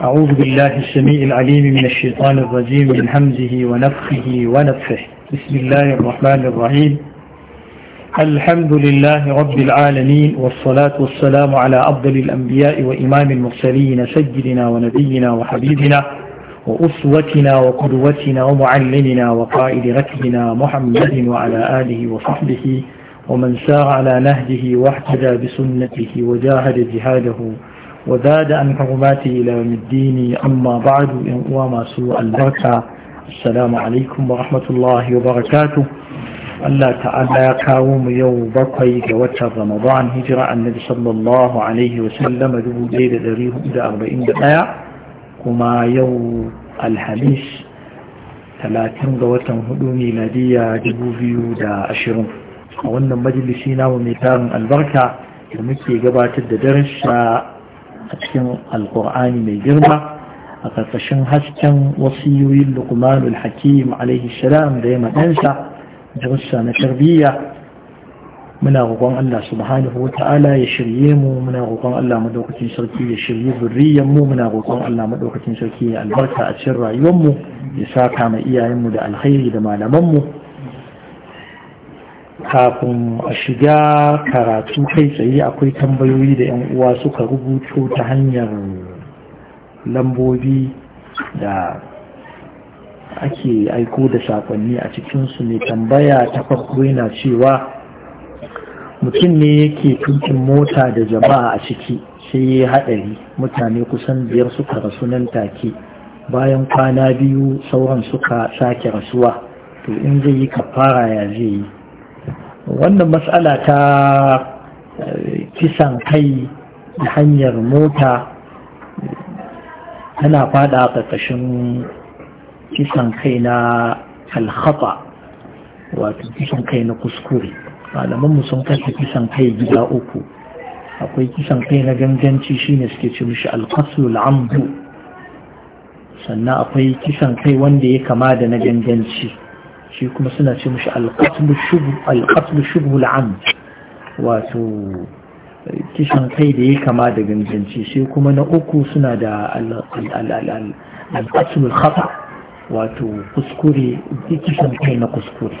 أعوذ بالله السميع العليم من الشيطان الرجيم من همزه ونفخه ونفخه بسم الله الرحمن الرحيم الحمد لله رب العالمين والصلاة والسلام على أفضل الأنبياء وإمام المرسلين سيدنا ونبينا وحبيبنا وأسوتنا وقدوتنا ومعلمنا وقائد ركبنا محمد وعلى آله وصحبه ومن سار على نهجه واحتدى بسنته وجاهد جهاده وزاد عن حرماته إلى يوم الدين أما بعد وما سوء البركة السلام عليكم ورحمة الله وبركاته الله تعالى كاوم يوم بقي جوات رمضان هجرة النبي صلى الله عليه وسلم دبو ليلة دريه إلى أربعين دقيقة وما يوم الحميس ثلاثين جوات هدو ميلادية دبو فيو دا أشرون وأن مجلسينا وميتان البركة da muke gabatar da darussa a cikin alkur'ani mai girma a ƙarƙashin hasken wasiyoyin luqmanul hakim alaihi salam da ya maɗansa darussa na tarbiyya muna roƙon Allah subhanahu wa ta'ala ya shirye mu muna roƙon Allah madaukakin sarki ya shirye zurriyan mu muna roƙon Allah madaukakin sarki ya albarka a cikin rayuwar mu ya saka ma iyayen mu da alkhairi da malaman mu kafin a shiga karatu kai tsaye akwai tambayoyi da 'yan uwa suka rubuto ta hanyar lambobi da ake aiko da sakonni a cikinsu ne tambaya ta farko yana cewa mutum ne yake tukin mota da jama'a a ciki sai ya haɗari mutane kusan biyar suka rasu nan take bayan kwana biyu sauran suka sake rasuwa to in zai yi kafara ya zai yi wannan matsala ta eh, kisan kai da hanyar mota eh, tana fada a ƙarƙashin kisan kai na alhafa wato kisan kai na kuskure malamanmu sun kasa kisan kai gida uku akwai kisan kai na ganganci shine suke ce mishi alkasul amdu sannan akwai kisan kai wanda ya kama da na ganganci shi kuma suna ce mashi alƙasbu shubu la'am wato kishin kai da ya kama da ganganci shi kuma na uku suna da alƙasbu khata wato kuskure kishin kai na kuskure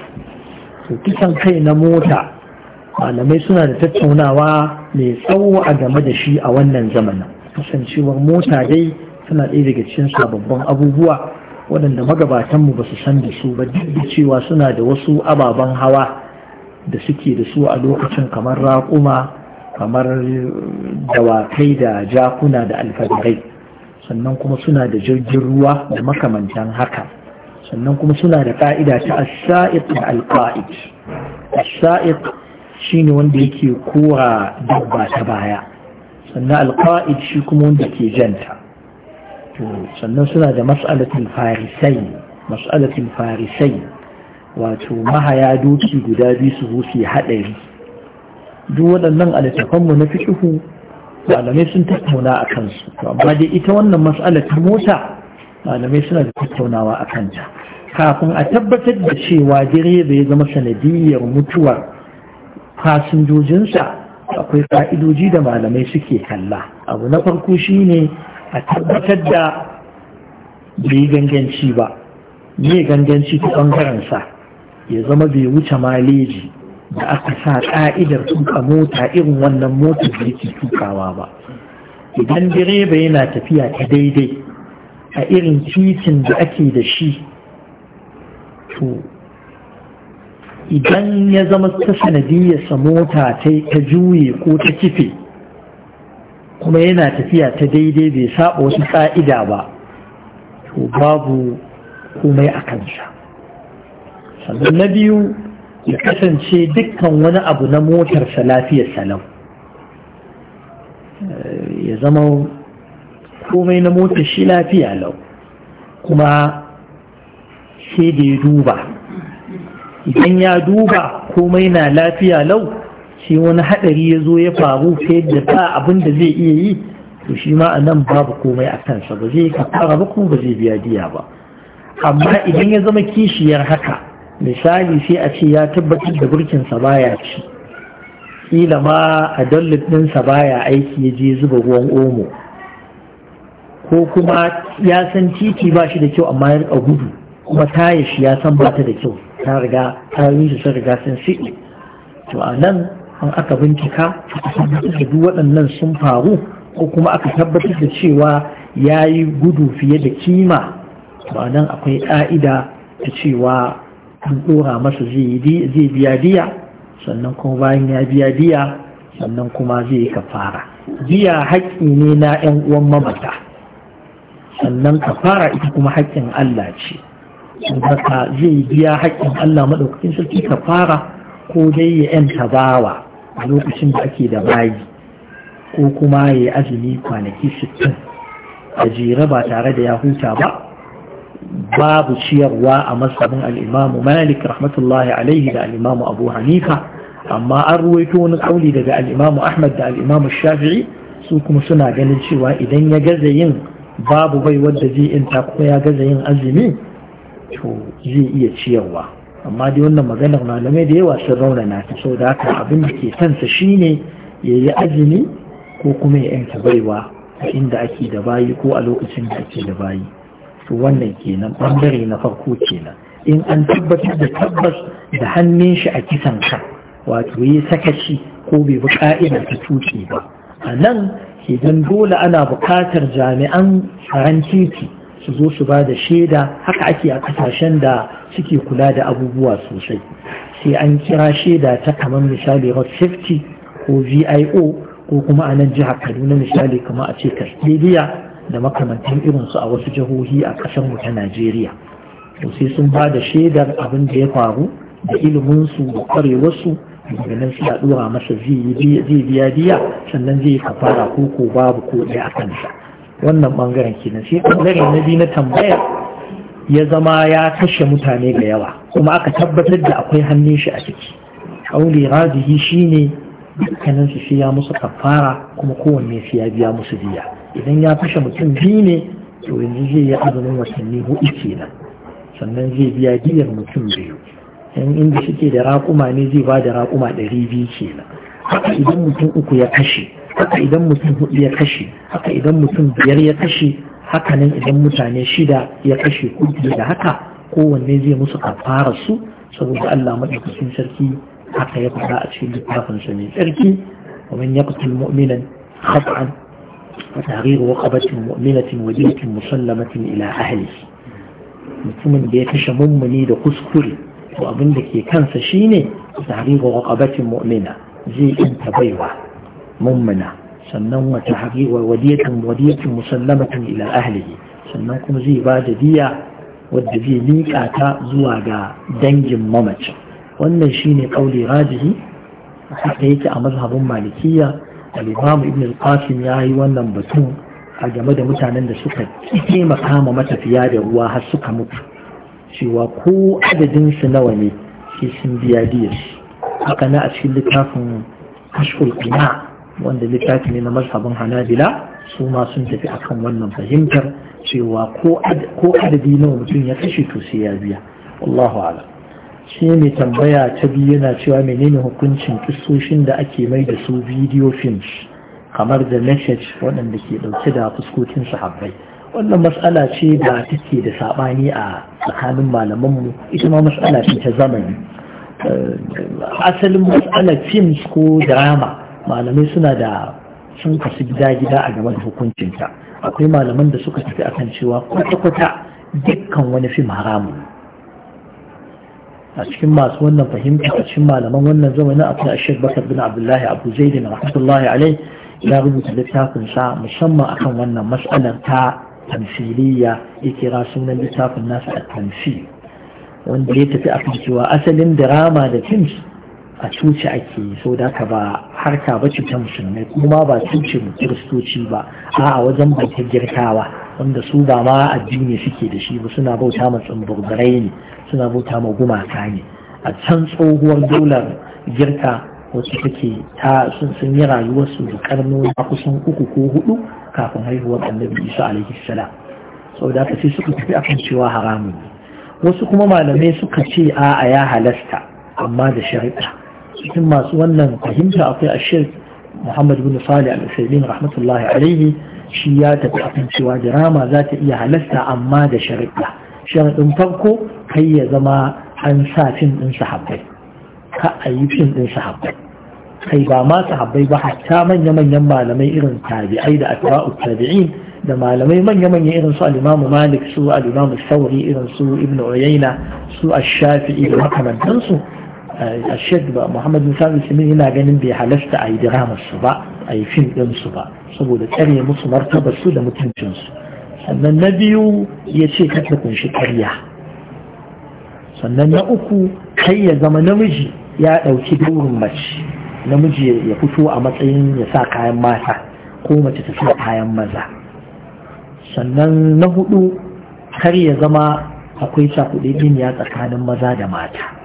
so kishin kai na mota malamai suna da tattaunawa mai tsawo a game da shi a wannan zamanin kasancewar mota dai suna ɗaya daga cikin sababbin abubuwa waɗanda magabatanmu ba su san da su ba duk da cewa suna da wasu ababen hawa da suke da su a lokacin kamar raƙuma kamar dawakai da jakuna da alfadarai sannan kuma suna da jirgin ruwa da makamantan haka sannan kuma suna da ƙa'ida ta asa'iq da alƙa'id asa'iq shine wanda yake kora dabba ta baya sannan alƙa'id shi kuma wanda ke janta sannan suna da mas'alatin farisai mas'alatul farisai wato mahaya doki guda biyu su zo haɗari duk waɗannan alittafanmu na fiƙihu malamai sun tattauna a kansu amma dai ita wannan mas'ala ta mota malamai suna da tattaunawa a kanta kafin a tabbatar da cewa direba ya zama sanadiyyar mutuwar fasinjojinsa akwai ka'idoji da malamai suke kalla abu na farko shine a tabbatar da bai ganganci ba ne ganganci ta sa ya zama bai wuce maleji da aka sa ƙa'idar tuka mota irin wannan motar da yake tukawa ba idan direba yana tafiya ta daidai a irin titin da ake da shi to idan ya zama ta sanadiyyarsa mota ta juye ko ta kife kuma yana tafiya ta daidai bai saba wasu ƙa'ida ba to babu komai a kansa sannan na biyu ya kasance dukkan wani abu na motarsa lafiyar salam eh, ya zama komai na motar shi lafiya lau kuma sai da ya duba idan ya duba komai na lafiya lau sai wani haɗari ya zo ya faru sai da ba abin da zai iya yi to shi ma a nan babu komai a kansa ba zai kafara ba kuma ba zai biya diya ba amma idan ya zama kishiyar haka misali sai a ce ya tabbatar da sa baya ci kila ma a dallit ɗinsa baya aiki ya je zuba ruwan omo ko kuma ya san titi ba shi da kyau amma ya rika gudu kuma shi ya san ba ta da kyau ta riga tayoyin sun riga sun siɗi to a an aka bincika da duk waɗannan sun faru ko kuma aka tabbatar da cewa ya yi gudu fiye da kima ba nan akwai ƙa'ida ta cewa an ɗora masa zai biya diya sannan kuma bayan ya biya diya sannan kuma zai yi kafara diya haƙƙi ne na 'yan uwan mamata sannan kafara ita kuma haƙƙin Allah ce zai biya haƙƙin Allah maɗaukakin sarki kafara ko dai ya 'yan tabawa a lokacin da ake da bayi ko kuma ya yi azumi kwanaki sittin a jere ba tare da ya huta ba babu ciyarwa a masabin al'imamu malik rahmatullahi alaihi da al'imamu abu hanifa amma an ruwaito wani kauli daga al'imamu ahmad da al'imamu shafi'i su kuma suna ganin cewa idan ya gaza yin babu bai wadda zai inta kuma ya gaza yin azumi to zai iya ciyarwa amma dai wannan maganar malamai da yawa sun raunana ta sau da haka abin da ke sansa shine ya yi azumi ko kuma ya yanka baiwa a inda ake da bayi ko a lokacin da ake da bayi to wannan kenan ɓangare na farko kenan in an tabbatar da tabbas da hannun shi a kisan ka, wato yi sakaci ko bai bi ka'idar ta tuki ba a nan idan dole ana bukatar jami'an tsaron titi su zo su ba da shaida haka ake a kasashen da suke kula da abubuwa sosai sai an kira shaida ta kamar misali hot safety ko vio ko kuma a nan jihar kaduna misali kama a ce kastiliya da makamantan irinsu a wasu jihohi a ƙasar mu ta najeriya to sai sun ba da shaidar abin da ya faru da iliminsu da ƙwarewarsu daga nan sai a ɗora masa zai biya biya sannan zai kafara ko ko babu ko ɗaya a kansa wannan bangaren kenan sai bangare na biyu na tambaya ya zama ya kashe mutane ga yawa kuma aka tabbatar da akwai hannun shi a ciki kauli rajihi shine dukkanin su sai ya musu kafara kuma kowanne su ya biya musu biya idan ya kashe mutum biyu ne to yanzu zai yi azumin watanni hudu kenan sannan zai biya giyar mutum biyu yan inda suke da raƙuma ne zai ba da raƙuma ɗari biyu kenan idan mutum uku ya kashe haka idan mutum hudu ya kashe haka idan mutum biyar ya kashe haka nan idan mutane shida ya kashe kuɗi da haka kowanne zai musu kafara su saboda Allah madaukakin sarki haka ya faɗa a cikin littafin sa mai tsarki ومن يقتل مؤمنا خطأ فتغير وقبة مؤمنة ودية مسلمة ila ahli mutumin da ya kashe mummuni da kuskure to abin da ke kansa shine tahrir raqabatin mu'mina zai inta baiwa mummuna sannan wata haƙiƙa wadiyatun wadiyatun musallamatun ila ahlihi sannan kuma zai ba da diya wadda zai liƙa ta zuwa ga dangin mamacin wannan shine kauli rajihi haka yake a mazhabin malikiya al-imam ibn al-qasim yayi wannan batun. a game da mutanen da suka taimaka ma matafiya da ruwa har suka mutu cewa ko adadin su nawa ne sai sun biya diyar haka na a cikin littafin kashful qina wanda littafi ne na mazhabin hanabila su ma sun tafi akan wannan fahimtar cewa ko adadi na mutum ya kashe to sai ya biya wallahu alam shi mai tambaya ta biyu yana cewa menene hukuncin kisoshin da ake mai da su bidiyo films kamar da message waɗanda ke ɗauke da fuskokin sahabbai wannan matsala ce da take da saɓani a tsakanin malamanmu ita ma matsala ce ta zamani eh, asalin matsalar films ko drama malamai suna da sun kasu gida-gida a game da hukuncinta akwai malaman da suka tafi akan cewa kwata-kwata dukkan wani fim haramu a cikin masu wannan fahimta a cikin malaman wannan zamanin akwai ashek bakar bin abdullahi abu zaidin rahmatullahi alai ya rubuta littafinsa musamman akan wannan matsalar ta tamsiliya ya kira sunan littafin nasa a tamsil wanda ya tafi akan cewa asalin dirama da films a cuci ake yi so da ka ba harka ba ta musulmai kuma ba mu kiristoci ba a wajen bauta girkawa wanda su ba ma addini suke da shi ba suna bauta ma tsumburbarai ne suna bauta ma gumaka ne a can tsohuwar dolar girka wacce take ta sun sun yi rayuwarsu da karno na kusan uku ko hudu kafin haihuwar annabi isa alaihi salam sau da ka ce suka tafi akan cewa haramun ne wasu kuma malamai suka ce a ya halasta amma da shari'a cikin masu wannan fahimta akwai ashir muhammad bin salih al-usaimin rahmatullahi alaihi shi ya tafi akan cewa dirama za ta iya halasta amma da sharaɗa sharaɗin farko kai ya zama an sa fim ɗin sahabbai ka a yi fim ɗin sahabbai kai ba ma sahabbai ba hatta manya-manyan malamai irin tabi'ai da atba'u tabi'in da malamai manya-manya irin su Alimamu imam Malik su Alimamu imam Sauri irin su Ibn Uyayna su Ash-Shafi'i da makamantansu الشيخ محمد بن سامي سمين yana ganin bai halarta a yi diramar su ba a yi fim din su ba saboda tsare musu martaba su da mutuncin su sannan na biyu ya ce kada kunshi karya sannan na uku kai ya zama namiji ya ɗauki daurin mace namiji ya fito a matsayin ya sa kayan mata ko mace ta sa kayan maza sannan na hudu kar ya zama akwai cakuɗe ya tsakanin maza da mata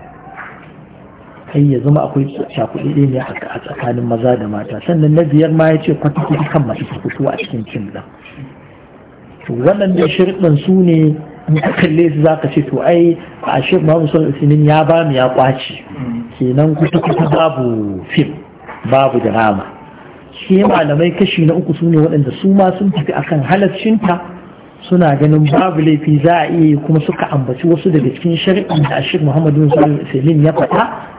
kai ya zama akwai shakuɗi ne a tsakanin maza da mata sannan na biyar ma ya ce kwatakwata kan masu fito a cikin cin ɗin. to waɗannan shirɗin su ne in ka kalle su za ka ce to ai a shirɗin mamu sun isinin ya ba mu ya ƙwace kenan kwatakwata babu fim babu drama shi malamai kashi na uku su ne waɗanda su ma sun tafi akan halaccinta suna ganin babu laifi za a iya kuma suka ambaci wasu daga cikin shari'a da ashir muhammadu salim ya faɗa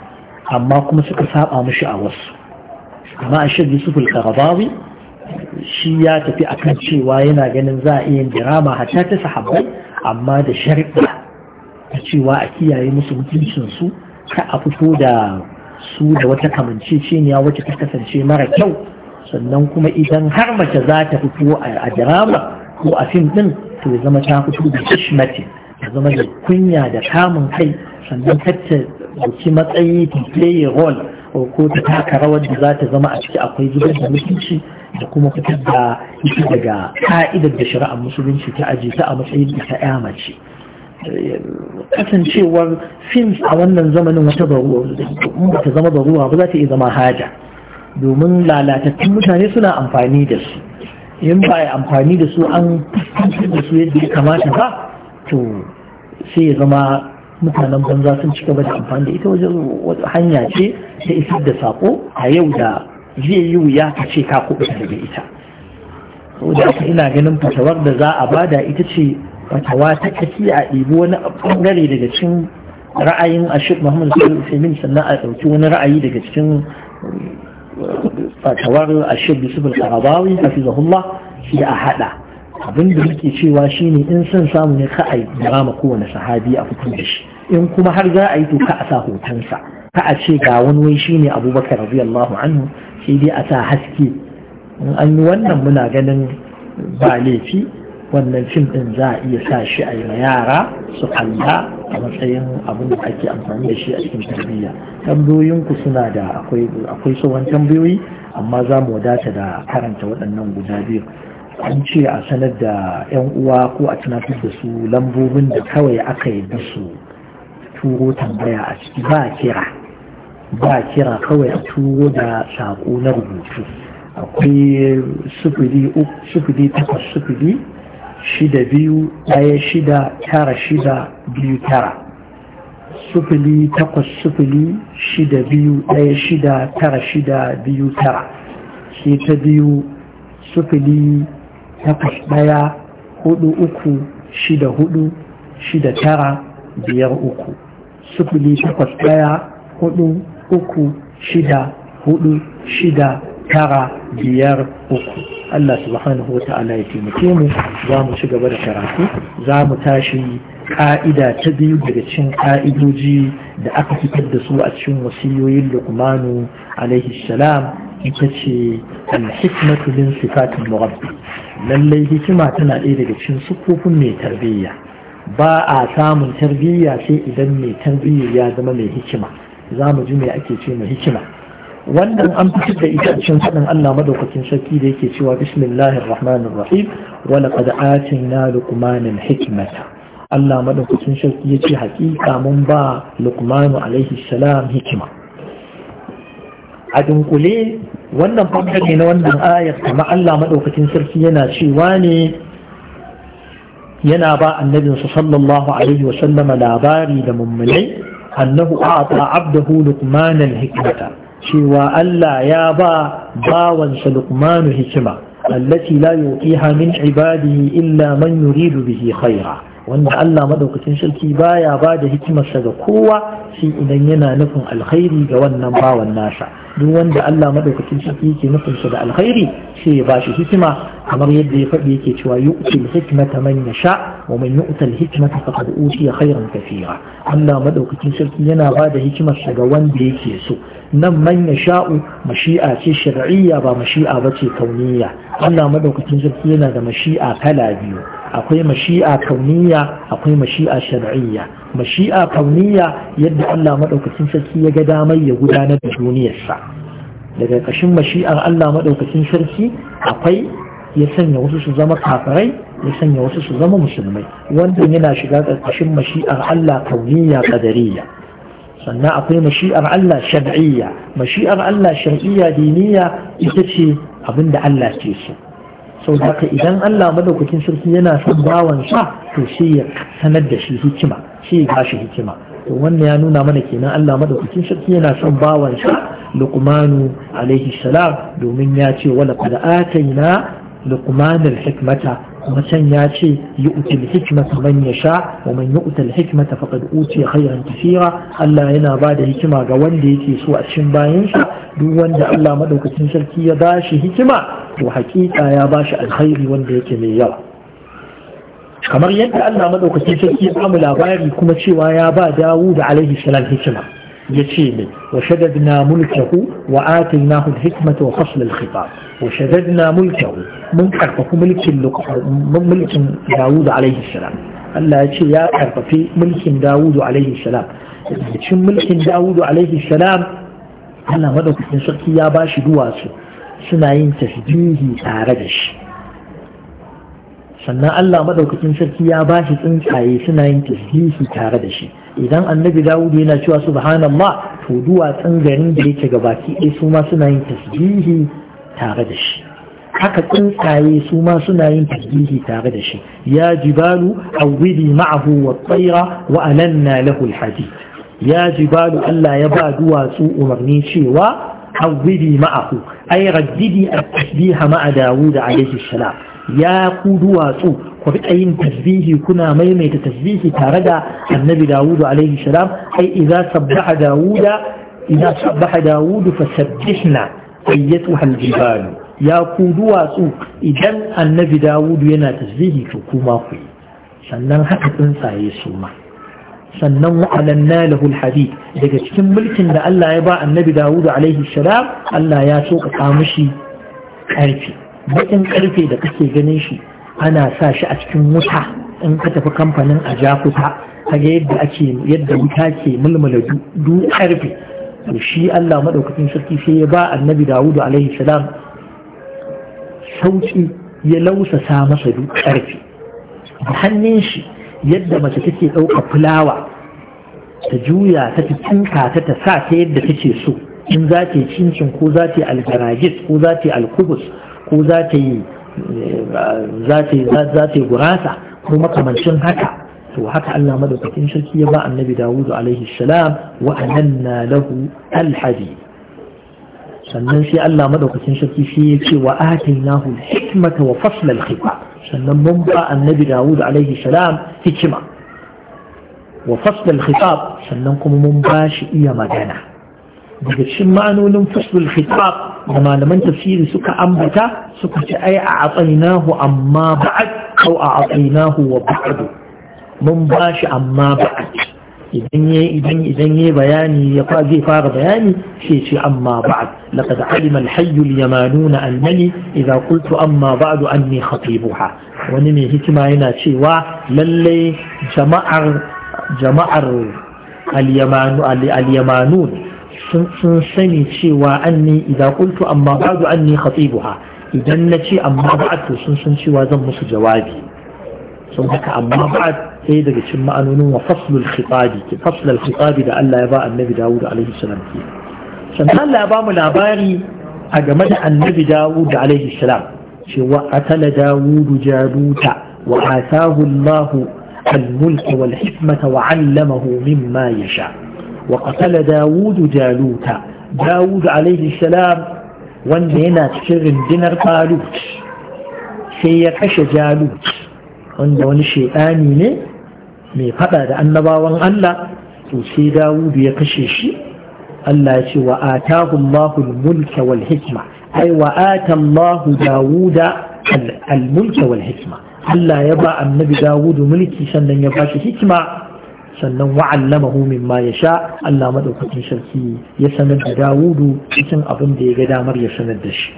amma kuma suka saba mushi a wasu amma a shirya sufil karabawi shi ya tafi kan cewa yana ganin za a iya dirama hatta ta sahabbai amma da sharɗa a cewa a kiyaye musu mutuncinsu ta a fito da su da wata kamanceceniya wacce ta kasance mara kyau sannan kuma idan har mace za ta fito a dirama ko a fim ɗin to ya zama ta fito da kishmati ya zama da kunya da kamun kai sannan kacce dauki matsayi ta play role ko ta taka rawar da za ta zama a ciki akwai zubar da mutunci da kuma fitar da ita daga ka'idar da shari'ar musulunci ta aji ta a matsayin ta ya mace kasancewar films a wannan zamanin wata baruwa ta zama baruwa ba za ta iya zama haja domin lalatattun mutane suna amfani da su in ba a amfani da su an fuskantar da su yadda ya kamata ba to sai ya zama mutanen banza sun ci gaba da amfani da ita wajen hanya ce da isar da sako a yau da zai yi wuya ka ce ka kuɓe daga ita da aka ina ganin fatawar da za a bada ita ce fatawa ta kafi a ɗibi wani ɓangare daga cikin ra'ayin ashir muhammad sallallahu usaimin sannan a ɗauki wani ra'ayi daga cikin eh, fatawar ashir yusuf al-qarabawi hafizahullah shi a haɗa Abinda muke cewa shine in son samu ne ka a rama kowane sahabi a fitar da shi in kuma har za a yi duka a sa hotonsa ka a ce ga wani wai shi ne abubakar radiyallahu anhu sai dai a sa haske in an yi wannan muna ganin ba laifi wannan fim din za a iya sa shi a yi ma yara su kalla a matsayin abin da ake amfani da shi a cikin tarbiyya tambayoyinku suna da akwai tsohon tambayoyi amma za mu wadata da karanta waɗannan guda biyu an ce a sanar da 'yan uwa ko a tunatar da su lambobin da kawai aka yi da su turo tambaya a ciki ba kira ba kira kawai a turo da saƙo na rubutu akwai sufuri takwas sufuri shida biyu ɗaya shida tara shida biyu tara sufuri takwas sufuri shida biyu ɗaya shida tara shida biyu tara sai ta biyu sufuri takwas ɗaya hudu uku shida hudu shida tara biyar uku sufuli takwas ɗaya hudu uku shida hudu shida tara biyar uku Allah subhanahu wa ta'ala ya taimake mu za mu ci gaba da karatu za mu tashi ka'ida ta biyu daga cikin ka'idoji da aka fitar da su a cikin wasiyoyin lukmanu alaihi salam ita ce al-hikmatu min sifatil murabbi lallai hikima tana ɗaya daga cikin sukufin mai tarbiyya ba a samun tarbiyya sai idan mai tarbiyya ya zama mai hikima za mu ji mai ake ce mai hikima wannan an fitar da ita cikin faɗin Allah madaukakin sarki da yake cewa bismillahir rahmanir rahim wa laqad atina luqmanal hikmata Allah madaukakin sarki yace hakika mun ba luqmanu alaihi salam hikima a dunkule wannan ne na wannan ayar kuma Allah madaukakin sarki yana cewa ne yana ba annabinsa sallallahu alaihi wa sallama labari da mummunai annahu a'ata abdahu luqman al-hikmata cewa Allah ya ba bawansa luqman hikima allati la yuqiha min ibadihi illa man yuridu bihi khaira wanda Allah maɗaukacin sarki baya ba da hikimarsa ga kowa shi idan yana nufin alkhairi ga wannan bawan nasa duk wanda Allah maɗaukacin sarki yake nufin sa da alkhairi sai ya bashi hikima kamar yadda ya faɗi yake cewa yutil al-hikmata man yasha wa man yu'ta al-hikmata faqad utiya khayran kathira Allah maɗaukacin sarki yana ba da hikimarsa ga wanda yake so nan man sha'u, mashi'a ce shar'iyya ba mashi'a bace kauniyya Allah maɗaukacin sarki yana da mashi'a kala biyu akwai mashi'a kauniya akwai mashi'a shar'iyya mashi'a kauniya yadda Allah madaukakin sarki ya ga damar ya gudanar da duniyarsa daga ƙashin mashi'ar Allah madaukakin sarki akwai ya sanya wasu su zama kafirai ya sanya wasu su zama musulmai wannan yana shiga ƙarƙashin mashi'ar Allah kauniya qadariyya sannan akwai mashi'ar Allah shar'iyya mashi'ar Allah shar'iyya diniya ita ce abinda Allah ke so sau haka idan Allah madaukakin sarki yana son bawan to shi ya sanar da shi hikima shi ya bashi hikima to wannan ya nuna mana kenan Allah madaukakin sarki yana son bawan sa Luqmanu alaihi salam domin ya ce wala qad ataina luqmanul hikmata wasan yace yu'til hikmata man yasha wa man yu'til hikmata faqad utiya khayran kaseera Allah yana ba da hikima ga wanda yake so a cikin bayan shi duk wanda Allah madaukakin sarki ya bashi hikima to hakika ya bashi alkhairi wanda yake mai yawa kamar yadda Allah madaukakin sarki ya samu labari kuma cewa ya ba Dawud alaihi salam hikima يشيمي وشددنا ملكه وآتيناه الحكمة وفصل الخطاب وشددنا ملكه من أرقف ملك ملك داود عليه السلام ألا يشي يا كرفه ملك داود عليه السلام شو ملك داود عليه السلام ألا مدوك من سركي يا باشي دواسه سنعين تسجيه تاردش sannan Allah madaukakin sarki ya ba shi tsuntsaye suna yin tasbihi tare da shi idan annabi Dawud yana cewa subhanallah to duwatsun garin da yake gabaki ɗaya su ma suna yin tasbihi tare da shi haka tsuntsaye su ma suna yin tasbihi tare da shi ya jibalu awwili ma'ahu wa tsaira wa alanna lahu ya jibalu Allah ya ba duwatsu umarni cewa awwili ma'ahu ay raddidi at-tasbiha ma'a Dawud alayhi salam ya ku duwatsu ku riƙa yin tasbihi kuna maimaita tasbihi tare da annabi dawudu alaihi salam ai idza sabbaha dawuda idza sabbaha dawudu fasabbihna ayyatuha ya ku duwatsu idan annabi dawudu yana tasbihi to kuma ku sannan haka tsuntsaye su ma sannan wa'alanna lahu alhadid daga cikin mulkin da Allah ya ba annabi Dawud alaihi salam Allah ya so ka mishi karfi baƙin karfe da kake ganin shi ana sa shi a cikin wuta in ka tafi kamfanin a ja kuta kaga yadda ake yadda wuta ke mulmula du ƙarfe, to shi Allah madaukakin sarki sai ya ba annabi Dawud alaihi salam sauki ya sa masa du ƙarfe. da hannun shi yadda mace take ɗauka fulawa ta juya ta tinka ta ta sa ta yadda take so in za ta yi cincin ko za ta yi ko za ta yi ko za ta yi za ta yi gurasa ko makamancin haka to haka Allah madaukakin sarki ya ba annabi Dawud alaihi salam wa ananna lahu alhadi sannan sai Allah madaukakin sarki shi ya ce wa atainahu hikmata wa fasla alkhita sannan mun ba annabi Dawud alaihi salam hikima wa fasla alkhitab sannan kuma mun ba shi iya magana daga cikin ma'anonin fasul khitab da malaman tafsiri suka ambata suka ce ai a atsainahu amma ba'ad ko a atsainahu wa ba'ad mun ba shi amma ba'ad idan yayi idan idan yayi bayani ya fa zai fara bayani shi ce amma ba'ad laqad alima al-hayy al-yamanuna annani idza qultu amma ba'du anni khatibuha wani mai hikima yana cewa lalle jama'ar jama'ar al-yamanun sun sani cewa anni ne qultu amma ba'du anni khatibuha idan nace amma ba'd to sun san cewa zan musu jawabi sun haka amma ba sai daga cikin ma'anonin wa faslul khitabi ki faslul khitabi da Allah ya ba annabi Dawud alaihi salam ki sannan Allah ya ba mu labari a game da annabi Dawud alaihi salam cewa atala Dawud jabuta wa atahu Allah al-mulk wal hikmata wa 'allamahu mimma yasha' وقتل Dawudu جالوت Dawudu عليه السلام wanda yana cikin rundunar talut sai ya kashe jalut wanda wani shaidani ne mai faɗa da annabawan Allah to sai Dawud ya kashe shi Allah ya ce wa atahu Allahul mulka wal hikma ai wa ata Dawuda al mulka wal hikma Allah ya ba annabi Dawud mulki sannan ya ba hikima sannan wa'allamahu ma ya sha Allah madaukakin sarki ya sanar da Dawudu cikin abin da ya ga damar ya sanar da shi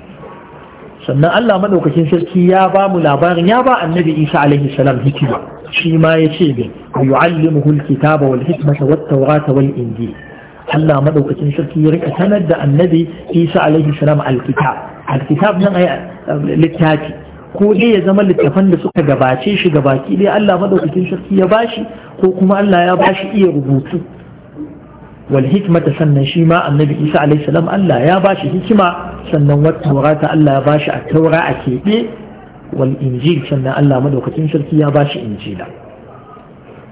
sannan Allah maɗaukacin sarki ya ba mu labarin ya ba annabi Isa alaihi salam hikima shi ma ya ce bi yu'allimuhu alkitaba wal hikmata wat ta wal injil Allah madaukakin sarki ya rika sanar da annabi Isa alaihi salam alkitab alkitab nan ay littafi ko dai ya zama littafan da suka gabace shi gabaki dai Allah madaukakin sarki ya bashi ko kuma Allah ya bashi iya rubutu wal hikmata sannan shi ma annabi Isa alaihi salam Allah ya bashi hikima sannan wata taurata Allah ya bashi a taura a keɓe wal injil sannan Allah madaukakin sarki ya bashi injila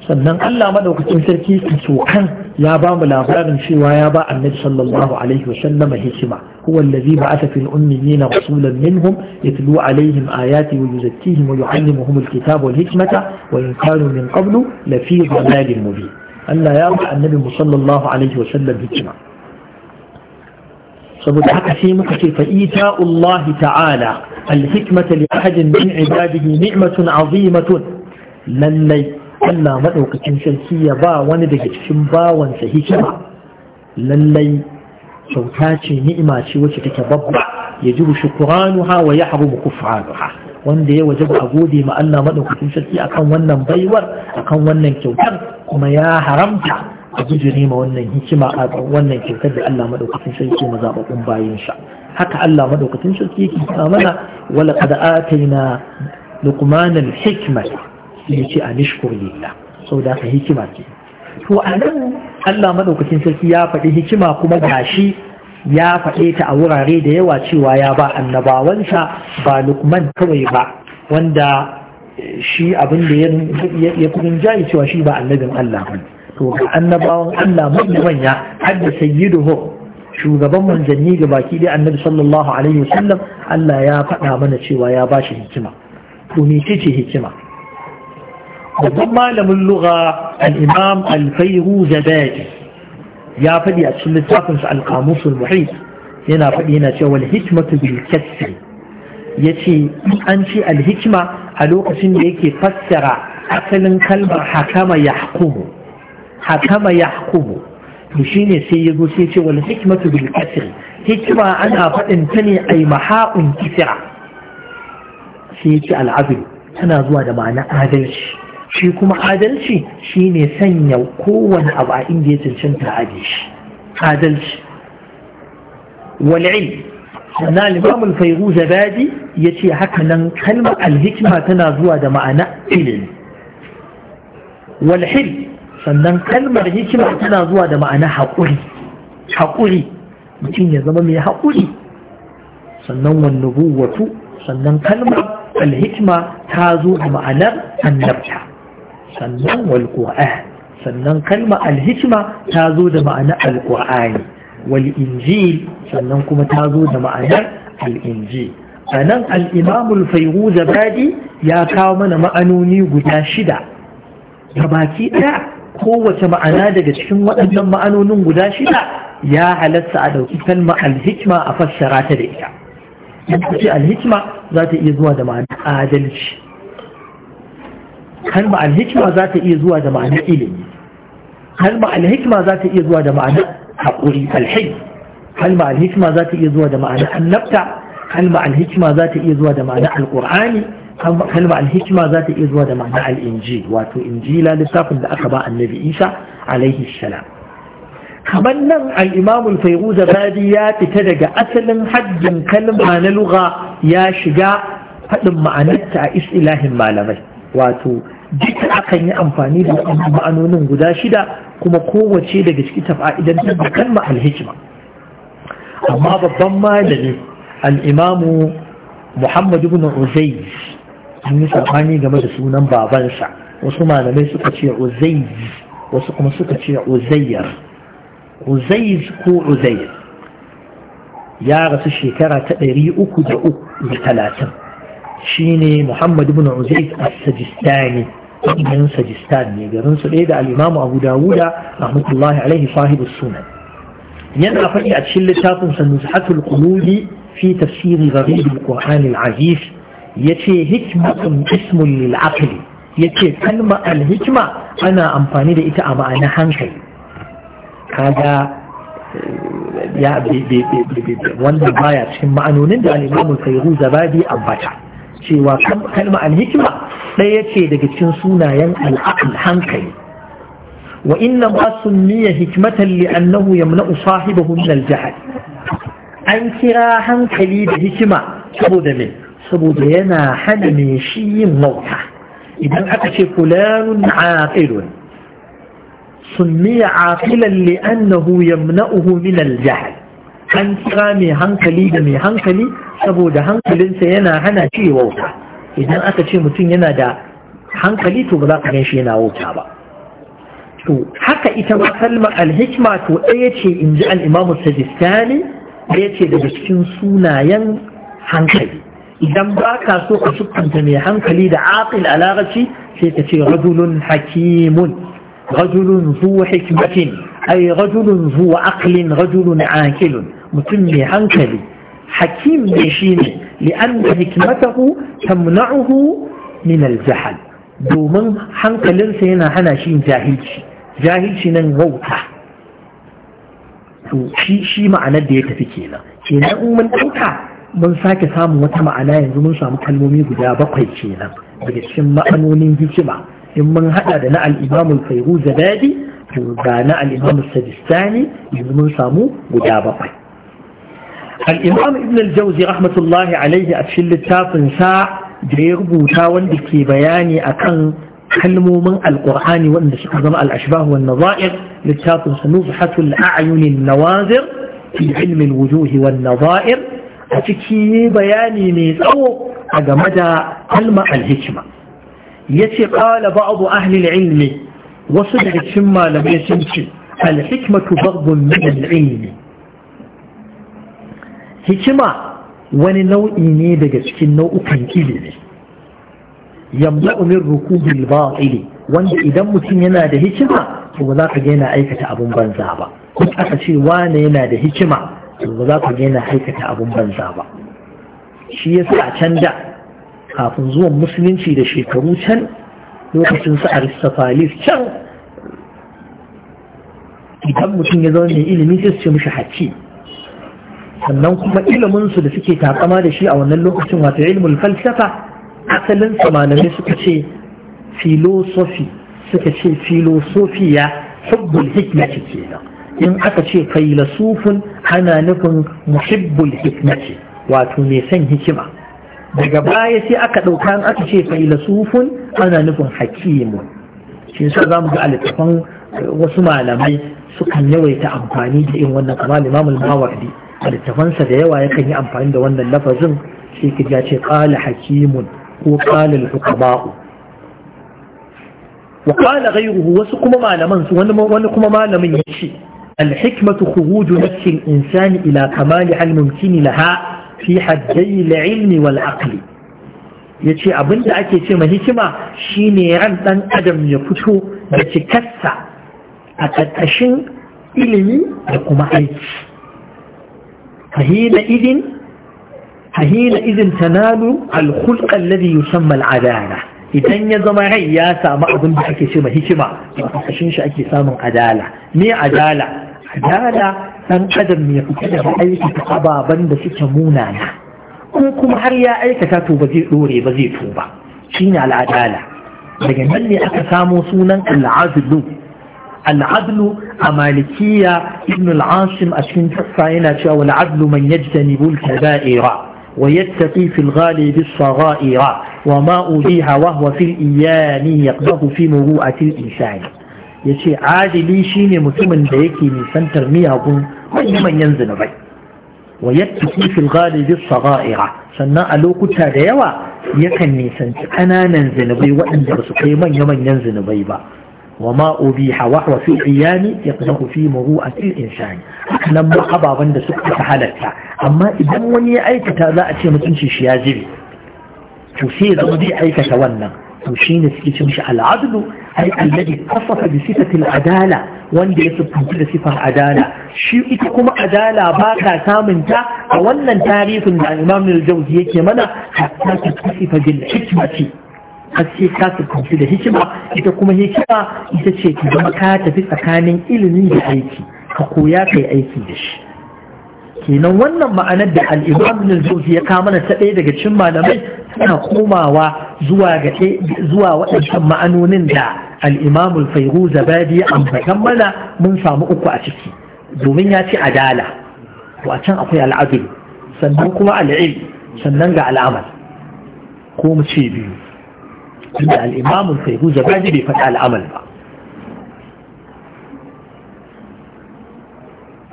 sannan Allah madaukakin sarki tsokan ya ba mu labarin cewa ya ba annabi sallallahu alaihi wa sallam hikima huwa allazi ba'atha fil ummiyina rasulan minhum yatlu alaihim ayati wa yuzakkihim wa yuallimuhum alkitaba wal hikmata wa in kanu min qablu la fi dhalalin mubin Allah ya ba annabi sallallahu alaihi wa sallam hikima saboda haka sai muka ce fa ita Allah ta'ala alhikmata li ahadin min ibadihi ni'matun azimatun lallai Allah maɗaukacin sarki ya ba wani daga cikin bawansa hikima lallai kyauta ce ni'ima ce wacce take babba ya jibu shukuranuha wa ya harubu kufranuha wanda ya waje a gode ma Allah maɗaukacin sarki akan wannan baiwar akan wannan kyautar kuma ya haramta a gujire ma wannan hikima a wannan kyautar da Allah maɗaukacin sarki ma zaɓaɓɓun bayan sa haka Allah maɗaukacin sarki yake mana wala qad atayna luqman al-hikmata sai ce a nishkur lillah saboda ka hikima ce to a nan Allah madaukakin sarki ya faɗi hikima kuma gashi ya faɗe ta a wurare da yawa cewa ya ba annabawansa ba lukman kawai ba wanda eh, shi abin da ya kudin jayi cewa shi ba annabin Allah ba to ga annabawan Allah manya har da sayyiduhu shugaban manzanni ga baki dai annabi sallallahu alaihi wasallam Allah ya faɗa mana cewa ya ba shi hikima to me ce hikima babban malamin lura al-imam al ya faɗi a cikin littafinsa al-qamus muhit yana faɗi yana cewa al-hikmatu bil Ya yace an ce al a lokacin da yake fassara asalin kalmar hakama yahkumu hakama Yakubu. to shine sai yazo sai ce wal hikmatu bil kasr hikma ana faɗin ta ne ai maha'un kisra sai yace al tana zuwa da ma'ana adalci shi kuma adalci shi ne sanya kowane abu a inda ya cancanta adishi adalci wal'il sannan al'imamul fairu zabadi ya ce haka nan kalmar alhikima tana zuwa da ma'ana ilimi wal'il sannan kalmar hikima tana zuwa da ma'ana haƙuri haƙuri mutum ya zama mai haƙuri sannan wannubuwatu sannan kalmar alhikima ta zo da ma'anar annabta sannan wal sannan kalma al ta zo da ma'ana al-qur'ani wal sannan kuma ta zo da ma'anar al a anan al-imam zabadi ya kawo mana ma'anoni guda shida gabaki ɗaya kowace ma'ana daga cikin waɗannan ma'anonin guda shida ya halatta a ɗauki kalma al a fassara ta da ita in ce al za ta iya zuwa da ma'anar adalci هل مع الهكمة ذات إيه زوى ده معنى إلم هل مع الهكمة ذات إيه زوى ده معنى حقوري الحلم هل مع الهكمة ذات إيه زوى ده معنى النبتع هل مع الهكمة ذات إيه زوى ده معنى القرآن هل مع الهكمة ذات إيه زوى ده معنى الإنجيل واتو إنجيلا لتاقل لأخباء النبي إيشا عليه السلام كمان الإمام الفيروز بادية تتدقى أسل حد كلمة لغة يا شجاع هل معنى تعيس إله ما لمت wato duk akan yi amfani da ma'anonin guda shida kuma kowace daga ciki ta fa'idantar kan kalma alhikima amma babban malami al'imamu Muhammadu ibn Uzayz, an yi sabani game da sunan babansa wasu malamai suka ce Uzayz, wasu kuma suka ce uzayyar Uzayz ko uzayr ya rasu shekara ta ɗari uku da uku da talatin shine Muhammad ibn Uzayd as-Sajistani ibn Sajistan ne garin su da al-Imam Abu Dawuda rahmatullahi alaihi sahibu sunan yana faɗi a cikin littafin sa Nuzhatul Qulubi fi tafsiri gharib al-Qur'an al-Aziz yace hikmatun ismun lil aqli yace kalma al-hikma ana amfani da ita a ma'ana hankali kaga ya wanda baya cikin ma'anonin da al-Imam Sayyid Zabadi ambata cewa kalma alhikima ɗaya yace daga cikin sunayen al'aql hankali wa inna ma sunniya hikmatan li annahu yamna'u sahibahu min al-jahl an kira hankali da hikima saboda me saboda yana hana me shi yin wauta idan aka ce fulanun aqilun sunniya aqilan li annahu yamna'uhu min al-jahl an kira mai hankali da mai hankali saboda hankalinsa yana hana shi wauta idan aka ce mutum yana da hankali to ba za ka gan shi yana wauta ba to haka ita ma kalma alhikma to ɗaya ce in ji al'imamu sajistani ɗaya ce daga cikin sunayen hankali idan ba ka so ka sukunta mai hankali da aqil a larabci sai ka ce rajulun hakimun rajulun zuwa hikmatin ay rajulun zuwa aqlin rajulun akilun mutum mai hankali hakim ne shi ne li'anna hikmatahu tamna'uhu min al domin hankalinsa yana hana shi jahilci jahilci nan wauta shi shi ma'anar da ya tafi kenan kenan in mun dauka mun sake samun wata ma'ana yanzu mun samu kalmomi guda bakwai kenan daga cikin ma'anonin hikima in mun hada da na al-imam al-fayruz zabadi to ga na al-imam yanzu mun samu guda bakwai al ibn al-jauzi rahmatullahi alaihi a cikin littafin sa da ya rubuta wanda ke bayani akan kalmomin alkur'ani wanda suka zama al'ashbahu wan nazair littafin sa nuzhatul a'yunin nawazir da ilmin wujuhi wan nazair a ciki bayani mai tsawo a game da kalma al-hikma yace qala babu ahlil al-ilmi wasu daga cikin malamai sun ce al-hikmatu baghdun min al hikima wani nau'i ne daga cikin nau'ukan ilimi yamma umir rukubil ba'ili wanda idan mutum yana da hikima to ba za ka ga yana aikata abun banza ba ko aka ce wane yana da hikima to ba za ka ga yana aikata abun banza ba shi yasa a can da kafin zuwan musulunci da shekaru can lokacin su aristophanes can idan mutum ya zama mai ilimi sai su ce mishi hakki sannan kuma iliminsu da suke takama da shi a wannan lokacin wato ilmul falsafa asalin sa malamai suka ce philosophy suka ce filosofiya hubbul in aka ce failasufun ana nufin muhibbul hikmati wato mai son hikima daga baya sai aka ɗauka in aka ce failasufun ana nufin hakimu shi yasa za mu ga alittafan wasu malamai sukan yawaita amfani da irin wannan kamar Limamin mawardi a littafansa da yawa yakan yi amfani da wannan lafazin sai ka ya ce qala hakimun ko qala al wa wasu kuma malaman su wani kuma malamin ya ce al-hikmatu khuruju nafsi insani ila kamali al-mumkin laha fi haddayi al-ilmi wal aqli yace abinda ake ce ma hikima shine ran dan adam ya fito da cikarsa a ƙarƙashin ilimi da kuma aiki فهين izin فهين إذن تنال الخلق الذي idan ya zama rai ya samu abin da ake ce ma hikima ƙarƙashin shi ake samun adala me adala adala ɗan adam ya fita da aikata ababen da suke munana ko kuma har ya aikata to ba zai ɗore ba zai tuba shine al'adala daga nan ne aka samo sunan al'azilu العدل أمالكية ابن العاصم أشكين شاو العدل من يجتنب الكبائر ويتقي في الغالي بالصغائر وما أوديها وهو في الإيان يقضه في مروءة الإنسان يشي عادلي شيني متمن بيكي من سنتر ميهكم من ينزل بي ويتقي في الغالي بالصغائر سنة كتا ديوا يكن نيسان أنا ننزل بي وأنجر من يمن ينزل بي با وما أبيح وهو في العيان يقذف في مروءة الإنسان أكنا مرحبا عند سكة حالتها أما إذا وني أيكة لا أتي متنشي شيازري تسير ودي أيك تونا تشين سكتمش العدل أي الذي قصف بصفة العدالة وان دي كل صفة عدالة شو إتكم عدالة باكا سامنتا وانا تاريخ عن إمام الجوزية كمنا حتى تتصف بالحكمة haske ka tukunci da hikima ita kuma hikima ita ce ki zama ka tafi tsakanin ilimi da aiki ka koya kai aiki da shi kenan wannan ma'anar da al'imam ibn zufi ya kama ta ɗaya daga cikin malamai suna komawa zuwa ga waɗancan ma'anonin da al'imam al-fayru zabadi ya ambatan mana mun samu uku a ciki domin ya ce adala to a can akwai al'adul sannan kuma al'il sannan ga al'amal ko mu ce biyu tunda al'imamun sai hujja gaji bai faɗa al'amal ba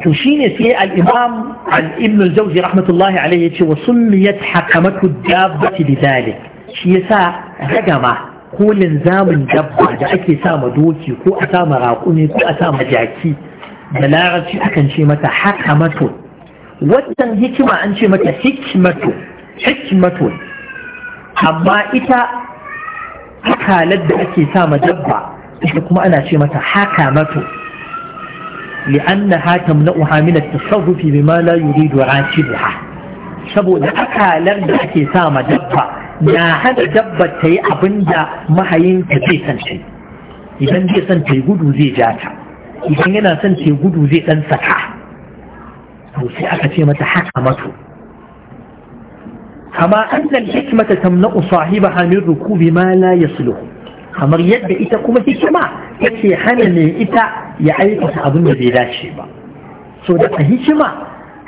to shine sai al'imam al'ibn al-jawzi rahmatullahi alaihi ya ce wa summiyat hakamatu dabbati lidalik shi yasa ragama ko linzamin dabba da ake sama doki ko a sama raƙumi ko a sama jaki da larabci akan ce mata hakamatu wannan hikima an ce mata hikimatu hikmatu amma ita akalar da ake sa ma dabba ita kuma ana ce mata haka mato na tamna'uha min at-tasarrufi bima la yuridu aqibuha saboda akalar da ake sa ma dabba na hada dabba ta yi abinda mahayinta zai san shi, idan zai san ta gudu zai ja ta idan yana san ta gudu zai dan saka to sai aka ce mata haka mato kama annal hikmata tamna'u Sahiba, Hamidu, Kubi, ma la yasluhu kamar yadda ita kuma hikima take hana mai ita ya aikata abin da bai dace ba so da hikima